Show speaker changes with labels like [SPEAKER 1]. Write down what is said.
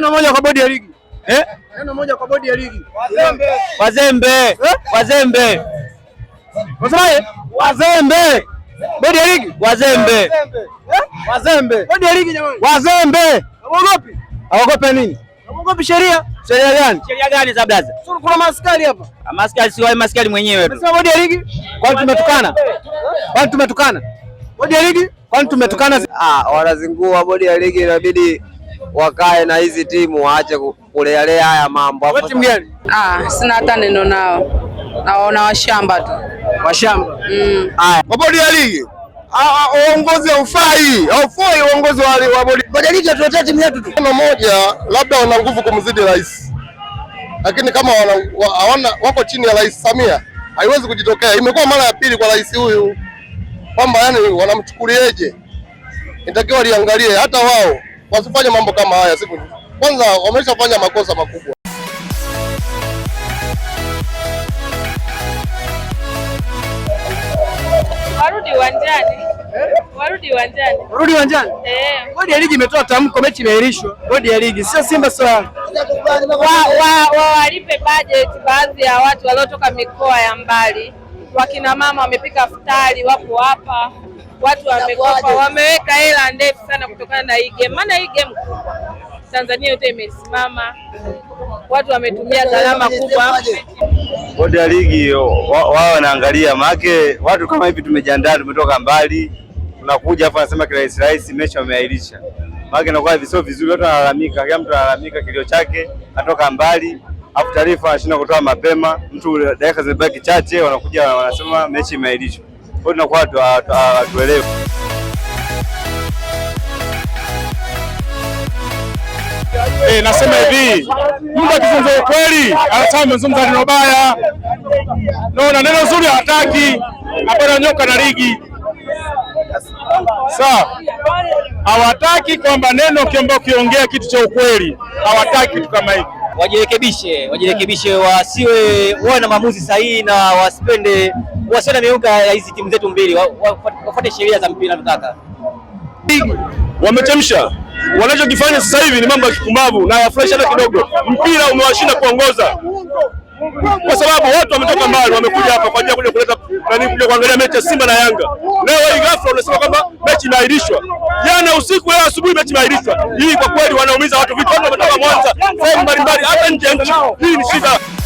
[SPEAKER 1] Neno moja kwa bodi ya ligi. Eh? Neno moja kwa bodi ya ligi.
[SPEAKER 2] Wazembe.
[SPEAKER 3] Wazembe. eh? Wazembe. Wazembe. Wazembe. Bodi ya ligi? Wazembe. Eh?
[SPEAKER 1] Wazembe. Bodi ya ligi jamani.
[SPEAKER 3] Wazembe. Hawaogopi? Hawaogopi nini?
[SPEAKER 1] Hawaogopi sheria. Sheria gani? Sheria gani za blaza? Sio kuna maskari hapa.
[SPEAKER 3] Ah, maskari si wao maskari mwenyewe
[SPEAKER 1] tu. Sasa bodi ya ligi?
[SPEAKER 3] Kwani tumetukana? Kwani tumetukana? Bodi ya ligi? Kwani tumetukana?
[SPEAKER 2] Ah, wanazingua bodi ya ligi inabidi wakae na hizi timu waache kulealea haya mambo.
[SPEAKER 4] Ah, sina hata neno nao, naona washamba tu washamba. Mm.
[SPEAKER 1] bodi ya ligi uongozi haufai, haufai uongozi wa bodi. Bodi ya ligi hatuletee timu yetu tu moja, labda wana nguvu kumzidi rais, lakini kama hawana wako chini ya Rais Samia haiwezi kujitokea. Imekuwa mara ya pili kwa rais huyu kwamba yani wanamchukulieje, inatakiwa liangalie hata wao wasifanye mambo kama haya siku. Kwanza wameshafanya makosa makubwa.
[SPEAKER 5] Warudi uwanjani. Warudi uwanjani. Warudi uwanjani. Eh.
[SPEAKER 1] Bodi ya ligi imetoa tamko, mechi imeahirishwa. Bodi ya ligi sio Simba swala.
[SPEAKER 5] Wa, wa, wa, budget baadhi ya watu waliotoka mikoa ya mbali. Wakina mama wamepika futari, wapo hapa, watu wamekopa, wameweka sana na hii game, maana hii game Tanzania yote imesimama, watu wametumia gharama kubwa.
[SPEAKER 2] Bodi ya ligi wao wanaangalia, make watu kama hivi tumejiandaa, tumetoka mbali, tunakuja hapa anasema kirahisi rahisi mechi wameahirisha, make, inakuwa visio vizuri, watu wanalalamika, kila mtu analalamika kilio chake, atoka mbali afu taarifa anashinda kutoa mapema, mtu dakika zimebaki chache, wanakuja wanasema mechi imeahirishwa, kwa hiyo tunakuwa hatuelewi.
[SPEAKER 1] Eh, nasema hivi mtu akifunza ukweli anasema amezungumza neno baya, naona neno zuri hataki, apana nyoka na ligi sawa. Hawataki kwamba neno kiamba ukiongea kitu cha ukweli, hawataki kitu kama hiki.
[SPEAKER 6] Wajirekebishe, wajirekebishe, wasiwe wawe na maamuzi sahihi na wasipende, wasiwe na miuka ya hizi timu zetu mbili, wafuate sheria za mpira navyotaka
[SPEAKER 1] wamechemsha. Wanachokifanya sasa hivi ni mambo ya kipumbavu na hayafurahishi hata kidogo. Mpira umewashinda kuongoza kwa sababu watu wametoka mbali, wamekuja hapa kwa ajili ya kuja kuleta nani, kuja kuangalia mechi ya Simba na Yanga. Leo hii ghafla unasema kwamba mechi imeahirishwa, jana usiku, leo asubuhi mechi imeahirishwa. Hii kwa kweli wanaumiza watu, vitu wametoka Mwanza, sehemu mbalimbali, hata nje ya nchi. Hii ni shida.